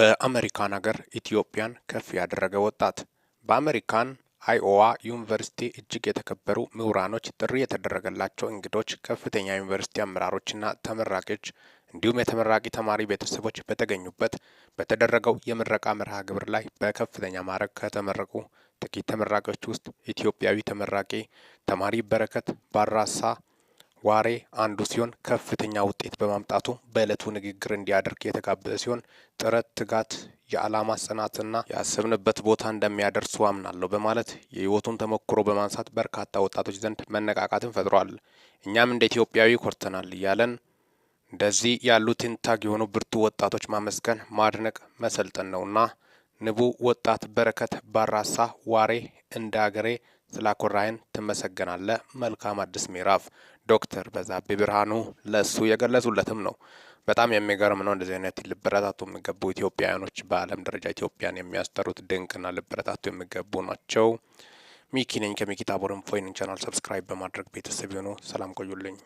በአሜሪካን ሀገር ኢትዮጵያን ከፍ ያደረገ ወጣት። በአሜሪካን አይኦዋ ዩኒቨርሲቲ እጅግ የተከበሩ ምሁራኖች፣ ጥሪ የተደረገላቸው እንግዶች፣ ከፍተኛ ዩኒቨርሲቲ አመራሮችና ተመራቂዎች እንዲሁም የተመራቂ ተማሪ ቤተሰቦች በተገኙበት በተደረገው የምረቃ መርሃ ግብር ላይ በከፍተኛ ማዕረግ ከተመረቁ ጥቂት ተመራቂዎች ውስጥ ኢትዮጵያዊ ተመራቂ ተማሪ በረከት ባራሳ ዋሬ አንዱ ሲሆን ከፍተኛ ውጤት በማምጣቱ በዕለቱ ንግግር እንዲያደርግ የተጋበዘ ሲሆን ጥረት፣ ትጋት፣ የዓላማ ጽናትና ያሰብንበት ቦታ እንደሚያደርሱ አምናለሁ በማለት የህይወቱን ተሞክሮ በማንሳት በርካታ ወጣቶች ዘንድ መነቃቃትን ፈጥሯል። እኛም እንደ ኢትዮጵያዊ ኮርተናል እያለን እንደዚህ ያሉ ትንታግ የሆኑ ብርቱ ወጣቶች ማመስገን ማድነቅ መሰልጠን ነውና ንቡ ወጣት በረከት ባራሳ ዋሬ እንደ አገሬ ስላኮራይን ትመሰገናለ። መልካም አዲስ ምዕራፍ ዶክተር በዛብህ ብርሃኑ ለእሱ የገለጹለትም ነው። በጣም የሚገርም ነው። እንደዚህ አይነት ሊበረታቱ የሚገቡ ኢትዮጵያውያኖች በዓለም ደረጃ ኢትዮጵያን የሚያስጠሩት ድንቅና ሊበረታቱ የሚገቡ ናቸው። ሚኪ ነኝ ከሚኪ ታቦር ኢንፎ። ቻናል ሰብስክራይብ በማድረግ ቤተሰብ የሆኑ ሰላም ቆዩልኝ።